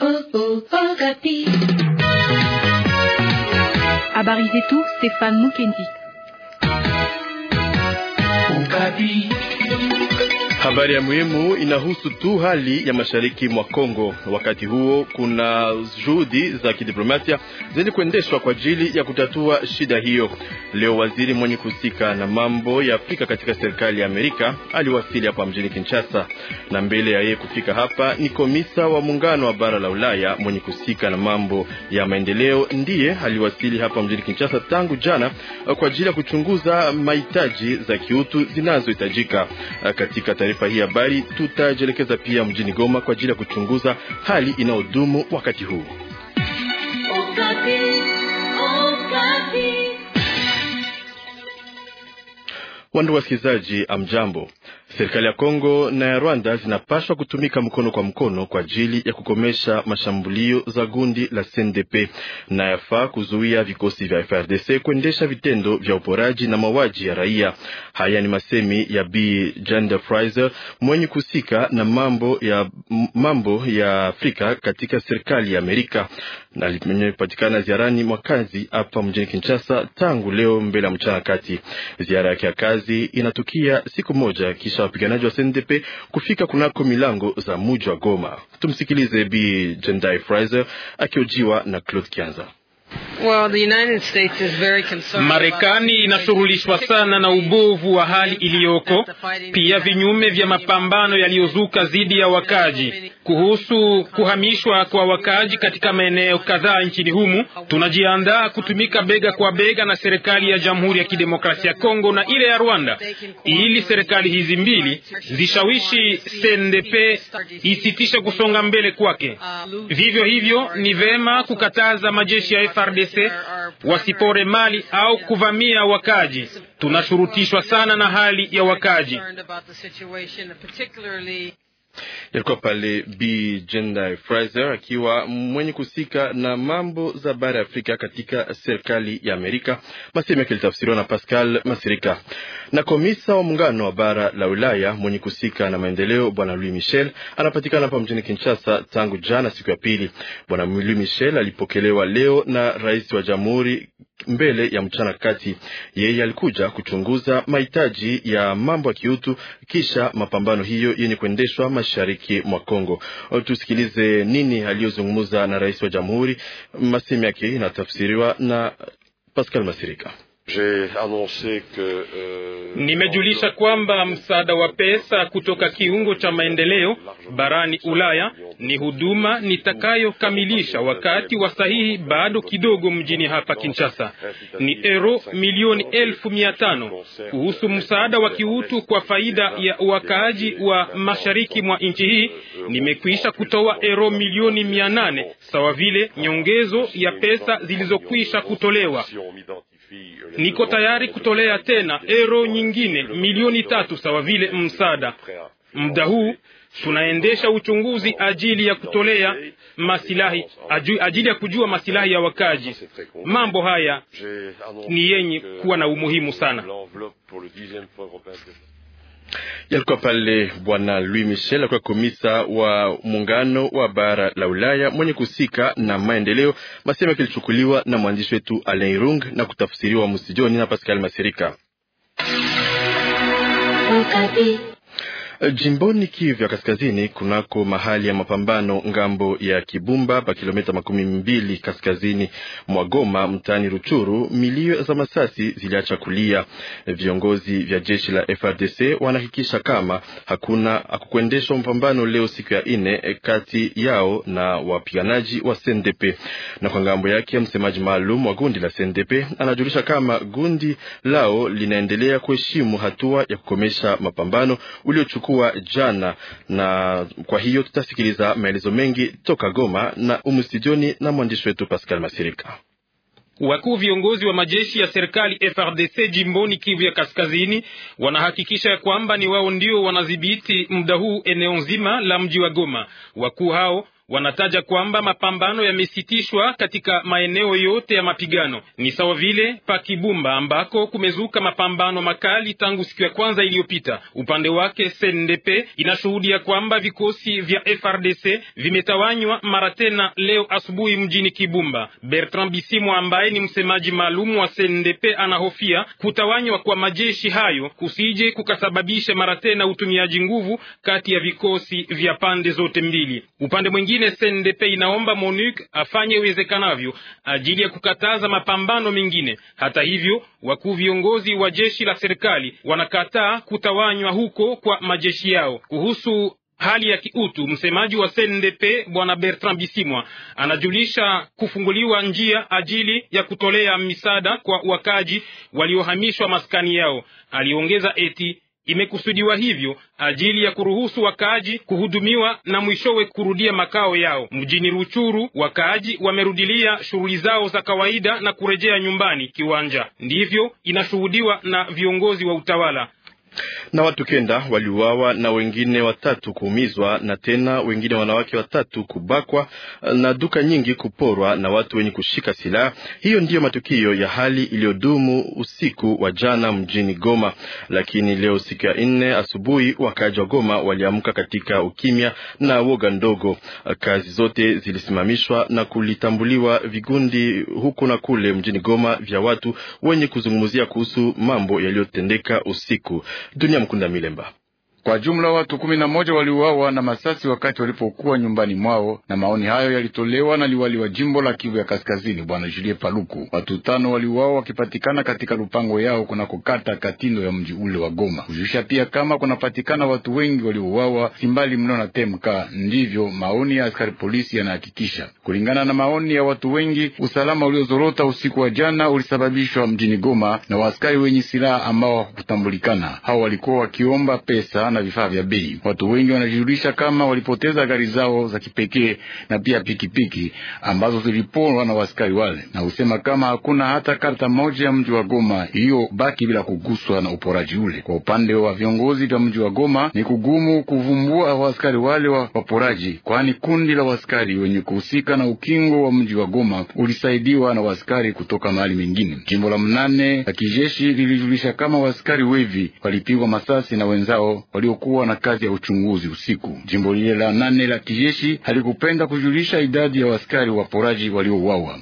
Oh, oh, oh, Gabi. À Baris et Stéphane Moukendi. Oh, Habari ya muhimu inahusu tu hali ya mashariki mwa Kongo. Wakati huo kuna juhudi za kidiplomasia zenye kuendeshwa kwa ajili ya kutatua shida hiyo. Leo waziri mwenye kuhusika na mambo ya Afrika katika serikali ya Amerika aliwasili hapa mjini Kinshasa, na mbele ya yeye kufika hapa ni komisa wa muungano wa bara la Ulaya mwenye kuhusika na mambo ya maendeleo, ndiye aliwasili hapa mjini Kinshasa tangu jana kwa ajili ya kuchunguza mahitaji za kiutu zinazohitajika katika taarifa hii habari, tutajielekeza pia mjini Goma kwa ajili ya kuchunguza hali inayodumu wakati huu. Wandu wasikilizaji, amjambo. Serikali ya Kongo na ya Rwanda zinapaswa kutumika mkono kwa mkono kwa ajili ya kukomesha mashambulio za gundi la CNDP na yafaa kuzuia vikosi vya FRDC kuendesha vitendo vya uporaji na mauaji ya raia. Haya ni masemi ya B Jander Fraser mwenye kuhusika na mambo ya, mambo ya Afrika katika serikali ya Amerika na limepatikana ziarani mwa kazi hapa mjini Kinshasa tangu leo mbele ya mchana kati. Ziara yake ya kazi inatukia siku moja kisha kuwezesha wapiganaji wa CNDP kufika kunako milango za muji wa Goma. Tumsikilize Bi Jendai Fraser akiojiwa na Claude Kianza. Well, the United States is very concerned. Marekani inashughulishwa sana na ubovu wa hali iliyoko, pia vinyume vya mapambano yaliyozuka dhidi ya wakaji. Kuhusu kuhamishwa kwa wakaji katika maeneo kadhaa nchini humu, tunajiandaa kutumika bega kwa bega na serikali ya Jamhuri ya Kidemokrasia ya Kongo na ile ya Rwanda, ili serikali hizi mbili zishawishi CNDP isitishe kusonga mbele kwake. Vivyo hivyo, ni vema kukataza majeshi ya FRDC Kasese wasipore mali au kuvamia wakaji. Tunashurutishwa sana na hali ya wakaji. Yalikuwa pale B Jendai Fraser akiwa mwenye kusika na mambo za bara ya Afrika katika serikali ya Amerika. Masehemu yake ilitafsiriwa na Pascal Masirika. Na komisa wa muungano wa bara la Ulaya mwenye kusika na maendeleo Bwana Louis Michel anapatikana hapa mjini Kinshasa tangu jana, siku ya pili. Bwana Louis Michel alipokelewa leo na rais wa jamhuri mbele ya mchana kati. Yeye alikuja kuchunguza mahitaji ya mambo ya kiutu kisha mapambano hiyo yenye kuendeshwa mashariki mwa Kongo. Tusikilize nini aliyozungumza na rais wa jamhuri. Masemi yake inatafsiriwa na Pascal Masirika. Euh, Nimejulisha kwamba msaada wa pesa kutoka kiungo cha maendeleo barani Ulaya ni huduma nitakayokamilisha wakati wa sahihi, bado kidogo mjini hapa Kinshasa, ni euro milioni elfu mia tano kuhusu msaada wa kiutu kwa faida ya wakaaji wa mashariki mwa nchi hii. Nimekwisha kutoa euro milioni mia nane sawa vile nyongezo ya pesa zilizokwisha kutolewa. Niko tayari kutolea tena ero nyingine milioni tatu sawa vile msaada. Muda huu tunaendesha uchunguzi ajili ya kutolea masilahi ajili ya kujua masilahi ya wakaji. Ah, Mambo haya ni yenye kuwa na umuhimu sana yalikuwa pale Bwana Louis Michel akiwa komisa wa muungano wa bara la Ulaya mwenye kusika na maendeleo. Masema kilichukuliwa na mwandishi wetu Alain Rung na kutafsiriwa Musijoni na Pascal Masirika. Eh, jimboni Kivu ya Kaskazini, kunako mahali ya mapambano ngambo ya Kibumba pa kilomita makumi mbili kaskazini mwa Goma, mtaani Ruchuru, milio za masasi ziliacha kulia. Eh, viongozi vya jeshi la FRDC wanahakikisha kama hakuna akukuendeshwa mapambano leo siku ya ine eh, kati yao na wapiganaji wa sndp Na kwa ngambo yake, msemaji maalum wa gundi la SNDP anajulisha kama gundi lao linaendelea kuheshimu hatua ya kukomesha mapambano uliochukua ilikuwa jana, na kwa hiyo tutasikiliza maelezo mengi toka Goma na umustidioni na mwandishi wetu Pascal Masirika. Wakuu viongozi wa majeshi ya serikali FRDC jimboni Kivu ya Kaskazini wanahakikisha kwamba ni wao ndio wanadhibiti muda huu eneo nzima la mji wa Goma. Wakuu hao Wanataja kwamba mapambano yamesitishwa katika maeneo yote ya mapigano, ni sawa vile pa Kibumba ambako kumezuka mapambano makali tangu siku ya kwanza iliyopita. Upande wake SNDP inashuhudia kwamba vikosi vya FRDC vimetawanywa mara tena leo asubuhi mjini Kibumba. Bertrand Bisimwa ambaye ni msemaji maalum wa SNDP anahofia kutawanywa kwa majeshi hayo kusije kukasababisha mara tena utumiaji nguvu kati ya vikosi vya pande zote mbili. Upande mwingine nyingine, CNDP inaomba MONUC afanye iwezekanavyo ajili ya kukataza mapambano mengine. Hata hivyo, wakuu viongozi wa jeshi la serikali wanakataa kutawanywa huko kwa majeshi yao. Kuhusu hali ya kiutu, msemaji wa CNDP bwana Bertrand Bisimwa anajulisha kufunguliwa njia ajili ya kutolea misaada kwa wakaji waliohamishwa maskani yao. Aliongeza eti Imekusudiwa hivyo ajili ya kuruhusu wakaaji kuhudumiwa na mwishowe kurudia makao yao. Mjini Ruchuru wakaaji wamerudilia shughuli zao za kawaida na kurejea nyumbani. Kiwanja ndivyo inashuhudiwa na viongozi wa utawala na watu kenda waliuawa na wengine watatu kuumizwa, na tena wengine wanawake watatu kubakwa na duka nyingi kuporwa na watu wenye kushika silaha. Hiyo ndiyo matukio ya hali iliyodumu usiku wa jana mjini Goma. Lakini leo siku ya nne asubuhi, wakaaji wa Goma waliamka katika ukimya na woga ndogo. Kazi zote zilisimamishwa na kulitambuliwa vigundi huku na kule mjini Goma vya watu wenye kuzungumzia kuhusu mambo yaliyotendeka usiku Dunia Mkunda Milemba. Kwa jumla watu kumi na moja waliuawa na masasi wakati walipokuwa nyumbani mwao, na maoni hayo yalitolewa na liwali wa jimbo la Kivu ya Kaskazini, bwana Julie Paluku. Watu tano waliuawa wakipatikana katika lupango yao kunakokata Katindo ya mji ule wa Goma. Kujulisha pia kama kunapatikana watu wengi waliouawa simbali mno na Temka, ndivyo maoni ya askari polisi yanahakikisha. Kulingana na maoni ya watu wengi, usalama uliozorota usiku wa jana ulisababishwa mjini Goma na waaskari wenye silaha ambao hawakutambulikana. Hao walikuwa wakiomba pesa na vifaa vya bei. Watu wengi wanajulisha kama walipoteza gari zao za kipekee na pia pikipiki ambazo ziliporwa na wasikari wale, na husema kama hakuna hata karta moja ya mji wa Goma hiyo baki bila kuguswa na uporaji ule. Kwa upande wa viongozi vya mji wa Goma ni kugumu kuvumbua wasikari wale wa waporaji, kwani kundi la wasikari wenye kuhusika na ukingo wa mji wa Goma ulisaidiwa na wasikari kutoka mahali mengine. Jimbo la mnane la kijeshi lilijulisha kama wasikari wevi walipigwa masasi na wenzao wali waliokuwa na kazi ya uchunguzi usiku. Jimbo lile la nane la kijeshi halikupenda kujulisha idadi ya waskari waporaji waliouawa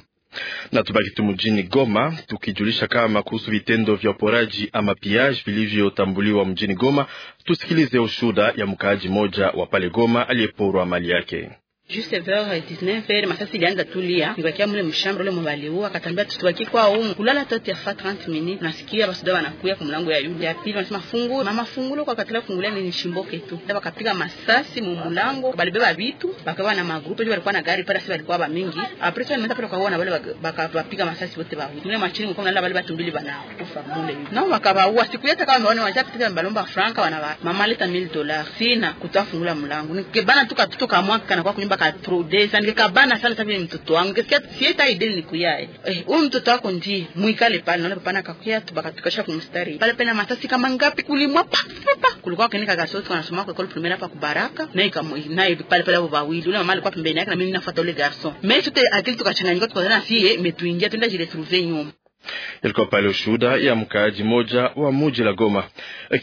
na tubaki tu mjini Goma tukijulisha kama kuhusu vitendo vya uporaji ama piage vilivyotambuliwa mjini Goma. Tusikilize ushuda ya mkaaji mmoja wa pale Goma aliyeporwa mali yake juste vers 19h masasi ilianza tulia, nikakia mule mshamba ule mwaliua akatambia tutubaki kwa umu kulala tote ya saa 30 minutes. Nasikia basi ndio wanakuya kwa mlango ya yule ya pili, wanasema fungu mama fungulo kwa katala fungulia ni nishimboke tu, ndio wakapiga masasi mu mlango, balibeba vitu bakawa na magrupe juu walikuwa na gari pale, sasa walikuwa ba mingi après ça nimeanza kwa wana wale bakawapiga masasi wote ba mule machini kwa nalala wale watu mbili bana kufa mule na uwa siku yata kama mwane waone pitika mbalomba franka wana mama leta 1000 dollars sina kutafungula mlango nikebana tuto mwaka kana kwa kunyumba aka trudesa, nikikabana sana sabi mtoto wangu kesikia sieta ideli nikuyae eh, eh, huyu mtoto wako ndiye muikale pale, naona papa nakakuya tu bakatukasha kumstari pale pale, masasi kama ngapi kulimwa pa pa kulikuwa kenika gasosi kwa nasoma kwa école primaire hapa kubaraka na ikamo na pale pale hapo wawili, ule mama alikuwa pembeni yake na mimi ninafuata ule garçon, mais sote akili tukachanganyika, tukazana si eh, metuingia tuenda jile trouver nyumba Yalikuwa pale ushuhuda ya mkaaji moja wa muji la Goma.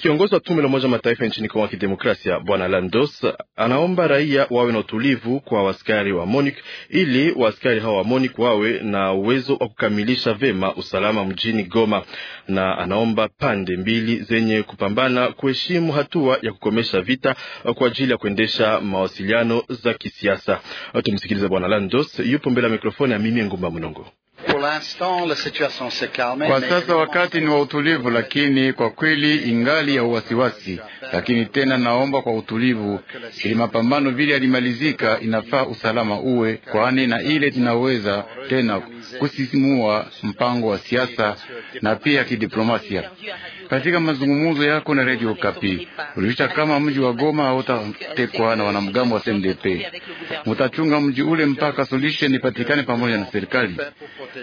Kiongozi wa tume la Umoja Mataifa nchini Kongo ya Kidemokrasia, Bwana Landos anaomba raia wawe na utulivu kwa waskari wa MONUC ili waskari hawa wa MONUC wawe na uwezo wa kukamilisha vema usalama mjini Goma, na anaomba pande mbili zenye kupambana kuheshimu hatua ya kukomesha vita kwa ajili ya kuendesha mawasiliano za kisiasa. Tumsikilize Bwana Landos, yupo mbele ya mikrofoni ya mimi Ngumba Mnongo. Kwa sasa wakati ni wa utulivu, lakini kwa kweli ingali ya uwasiwasi. Lakini tena naomba kwa utulivu, ili mapambano vile yalimalizika, inafaa usalama uwe, kwani na ile tunaweza tena kusisimua mpango wa siasa na pia kidiplomasia. Katika mazungumzo yako na Radio Kapi ulivita kama mji wa Goma hautatekwa na wanamgambo wa CNDP. Mutachunga mji ule mpaka solution ipatikane pamoja na serikali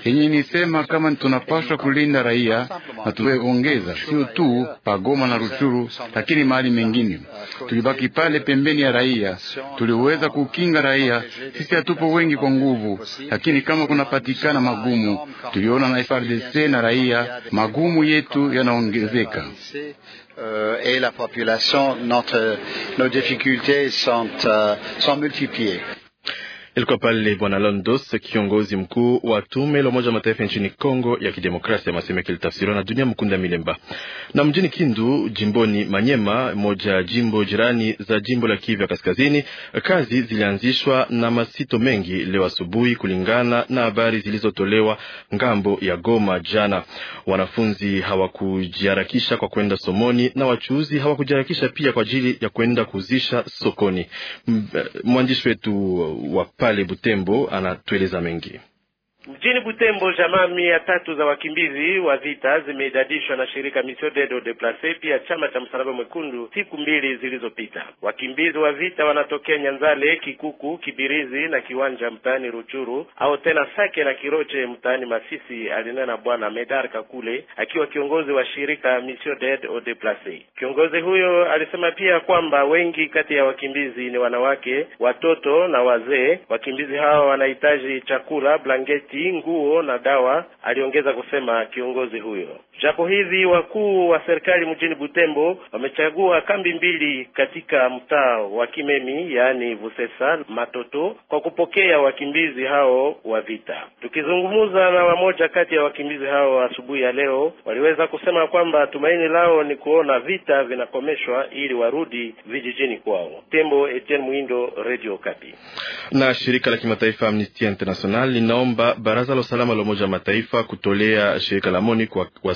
yenye nisema kama tunapaswa kulinda raia, na tuweongeza, sio tu pa Goma na Ruchuru, lakini mahali mengine tulibaki pale pembeni ya raia, tuliweza kukinga raia. Sisi hatupo wengi kwa nguvu, lakini kama kunapatikana magumu, tuliona na FRDC na raia, magumu yetu yanaongeza Euh, et la population, nos difficultés sont euh, multipliées. Ilikuwa pale Bwana Londos, kiongozi mkuu wa tume la Umoja wa Mataifa nchini Kongo ya Kidemokrasia, maseme kilitafsiriwa na Dunia Mkunda Milemba. Na mjini Kindu, jimboni Manyema, moja ya jimbo jirani za jimbo la Kivu ya Kaskazini, kazi zilianzishwa na masito mengi leo asubuhi, kulingana na habari zilizotolewa ngambo ya Goma jana. Wanafunzi hawakujiharakisha kwa kwenda somoni na wachuuzi hawakujiharakisha pia kwa ajili ya kwenda kuuzisha sokoni. Eh, mwandishi wetu wa pale Butembo anatueleza mengi. Mjini Butembo, jamaa mia tatu za wakimbizi wa vita zimeidadishwa na shirika Misiodedo Deplace, pia chama cha Msalaba Mwekundu siku mbili zilizopita. Wakimbizi wa vita wanatokea Nyanzale, Kikuku, Kibirizi na Kiwanja mtaani Ruchuru au tena Sake na Kiroche mtaani Masisi, alinena Bwana Medar Kakule akiwa kiongozi wa shirika Misiodedo Deplace. Kiongozi huyo alisema pia kwamba wengi kati ya wakimbizi ni wanawake, watoto na wazee. Wakimbizi hawa wanahitaji chakula, blanketi hii nguo na dawa, aliongeza kusema kiongozi huyo. Japo hizi wakuu wa serikali mjini Butembo wamechagua kambi mbili katika mtaa wa Kimemi, yaani Vusesa Matoto, kwa kupokea wakimbizi hao wa vita. Tukizungumza na wamoja kati ya wakimbizi hao asubuhi ya leo, waliweza kusema kwamba tumaini lao ni kuona vita vinakomeshwa ili warudi vijijini kwao. Tembo Etienne Mwindo, Radio Kapi. Na shirika la kimataifa Amnesty International linaomba baraza la usalama la Umoja wa Mataifa kutolea shirika la MONUC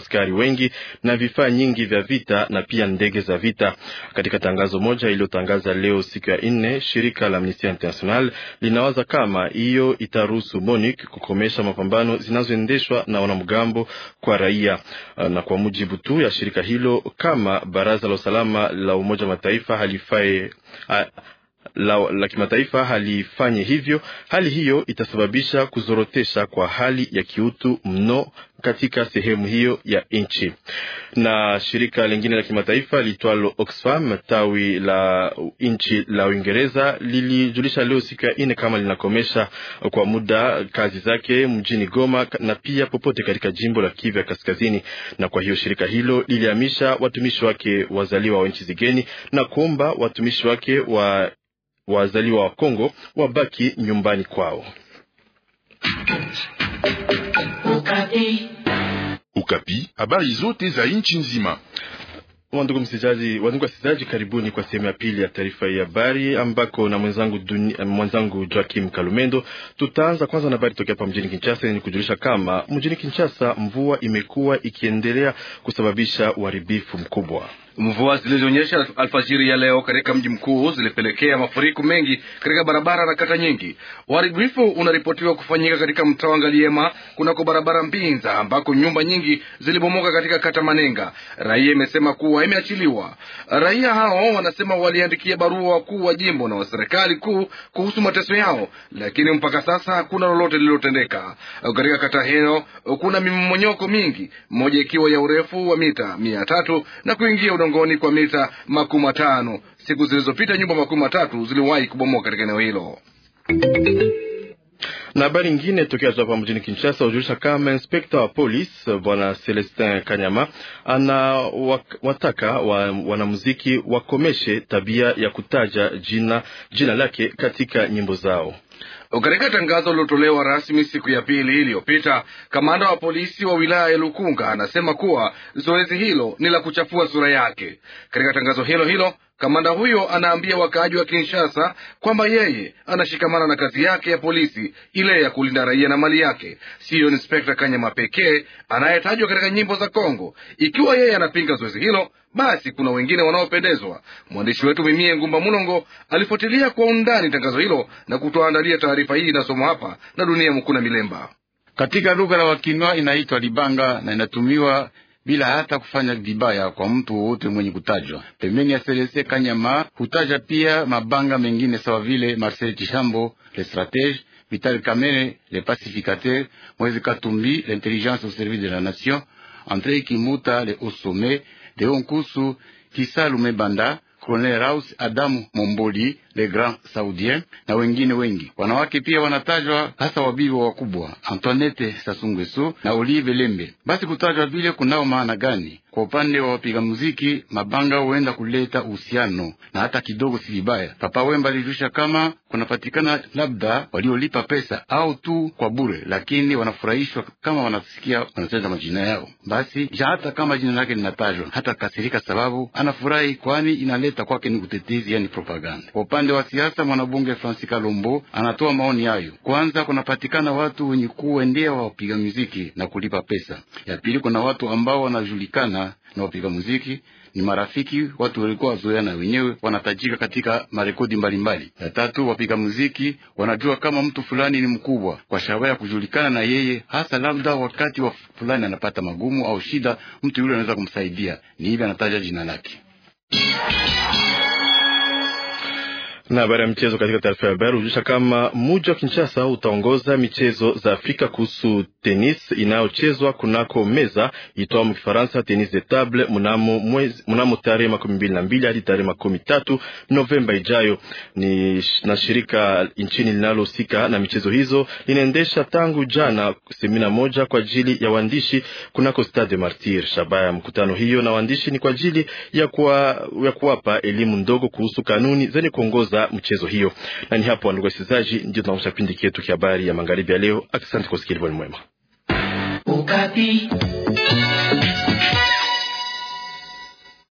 askari wengi na vifaa nyingi vya vita na pia ndege za vita. Katika tangazo moja iliyotangaza leo siku ya nne, shirika la Amnesty International linawaza kama hiyo itaruhusu MONUC kukomesha mapambano zinazoendeshwa na wanamgambo kwa raia, uh, na kwa mujibu tu ya shirika hilo, kama baraza la usalama la Umoja wa Mataifa halifae ha, uh, la, la kimataifa halifanye hivyo, hali hiyo itasababisha kuzorotesha kwa hali ya kiutu mno katika sehemu hiyo ya nchi. Na shirika lingine la kimataifa liitwalo Oxfam tawi la nchi la Uingereza lilijulisha leo siku ya nne kama linakomesha kwa muda kazi zake mjini Goma na pia popote katika jimbo la Kivu ya Kaskazini, na kwa hiyo shirika hilo lilihamisha watumishi wake wazaliwa wa nchi zigeni na kuomba watumishi wake wa wazaliwa wa Kongo wabaki nyumbani kwao. Okapi, habari zote za nchi nzima. Wandugu msikilizaji, wandugu wasikilizaji, karibuni kwa sehemu ya pili ya taarifa ya habari ambako na mwenzangu mwenzangu Joachim Kalumendo. Tutaanza kwanza na habari tokea hapa mjini Kinshasa. Ni kujulisha kama mjini Kinshasa mvua imekuwa ikiendelea kusababisha uharibifu mkubwa Mvua zilizonyesha alfajiri ya leo katika mji mkuu zilipelekea mafuriko mengi katika barabara na kata nyingi. Uharibifu unaripotiwa kufanyika katika mtaa wa Ngaliema kunako barabara Mbinza ambako nyumba nyingi zilibomoka katika kata Manenga. Raia imesema kuwa imeachiliwa. Raia hao wanasema waliandikia barua wakuu wa jimbo na wa serikali kuu kuhusu mateso yao, lakini mpaka sasa hakuna lolote lililotendeka. Katika kata hiyo kuna mimomonyoko mingi, moja ikiwa ya urefu wa mita mia tatu na kuingia udongo mlangoni kwa mita makumi matano. Siku zilizopita nyumba makumi matatu ziliwahi kubomoka katika eneo hilo. Na habari ingine tokea hapa mjini Kinshasa hujulisha kama inspekta wa polisi bwana Celestin Kanyama anawataka wanamuziki wakomeshe tabia ya kutaja jina, jina lake katika nyimbo zao. Katika tangazo lilotolewa rasmi siku ya pili iliyopita, kamanda wa polisi wa wilaya ya Lukunga anasema kuwa zoezi hilo ni la kuchafua sura yake. Katika tangazo hilo hilo Kamanda huyo anaambia wakaaji wa Kinshasa kwamba yeye anashikamana na kazi yake ya polisi, ile ya kulinda raia na mali yake. Siyo Inspekta Kanyama pekee anayetajwa katika nyimbo za Kongo. Ikiwa yeye anapinga zoezi hilo, basi kuna wengine wanaopendezwa. Mwandishi wetu Mimie Ngumba mulongo alifuatilia kwa undani tangazo hilo na kutoandalia taarifa hii inasomwa hapa na Dunia Mkuna Milemba katika lugha la Wakinwa inaitwa Libanga na inatumiwa bila hata kufanya vibaya kwa mtu wowote mwenye kutajwa. Pembeni ya Selese Kanyama hutaja pia mabanga mengine sawa vile Marcel Kishambo, Le Stratege, Vital Kamere, Le Pacificateur, Moise Katumbi, L'Intelligence au Service de la Nation, andre Kimuta, Le Osome, deo Kusu, Kisa Lumebanda, Colonel Raus, Adamu Momboli, Le Grand Saudien na wengine wengi. Wanawake pia wanatajwa hasa wabibi wakubwa Antoinette Sasungweso na Olive Lembe. Basi kutajwa vile kunao maana gani? Kwa upande wa wapiga muziki, mabanga huenda kuleta uhusiano na hata kidogo si vibaya. Papa Wemba alijulisha kama kunapatikana labda waliolipa pesa au tu kwa bure, lakini wanafurahishwa kama wanasikia wanacheza majina yao. Basi ja hata kama jina lake linatajwa, hata kasirika sababu anafurahi, kwani inaleta kwake ni utetezi, yani propaganda. Kwa upande upande wa siasa, mwanabunge Francis Kalombo anatoa maoni hayo. Kwanza, kunapatikana watu wenye kuendea wa wapiga muziki na kulipa pesa. Ya pili, kuna watu ambao wanajulikana na wapiga muziki ni marafiki, watu walikuwa wazoea na wenyewe wanatajika katika marekodi mbalimbali. Ya tatu, wapiga muziki wanajua kama mtu fulani ni mkubwa kwa shaba ya kujulikana na yeye, hasa labda wakati wa fulani anapata magumu au shida, mtu yule anaweza kumsaidia, ni hivi anataja jina lake na habari ya michezo katika taarifa ya habari hujulisha kama muji wa Kinshasa utaongoza michezo za Afrika kuhusu tenis inayochezwa kunako meza itoa mkifaransa tenis de table mnamo, mnamo tarehe makumi mbili na mbili hadi tarehe makumi tatu Novemba ijayo. Ni na shirika nchini linalohusika na michezo hizo linaendesha tangu jana semina moja kwa ajili ya waandishi kunako Stade Martir. Shabaha ya mkutano hiyo na waandishi ni kwa ajili ya kuwapa elimu ndogo kuhusu kanuni zenye kuongoza za mchezo hiyo. Na ni hapo, ndugu wasikilizaji, ndio tunaosha kipindi chetu cha habari ya magharibi ya leo. Asante kwa kusikiliza, mwema Ukapi.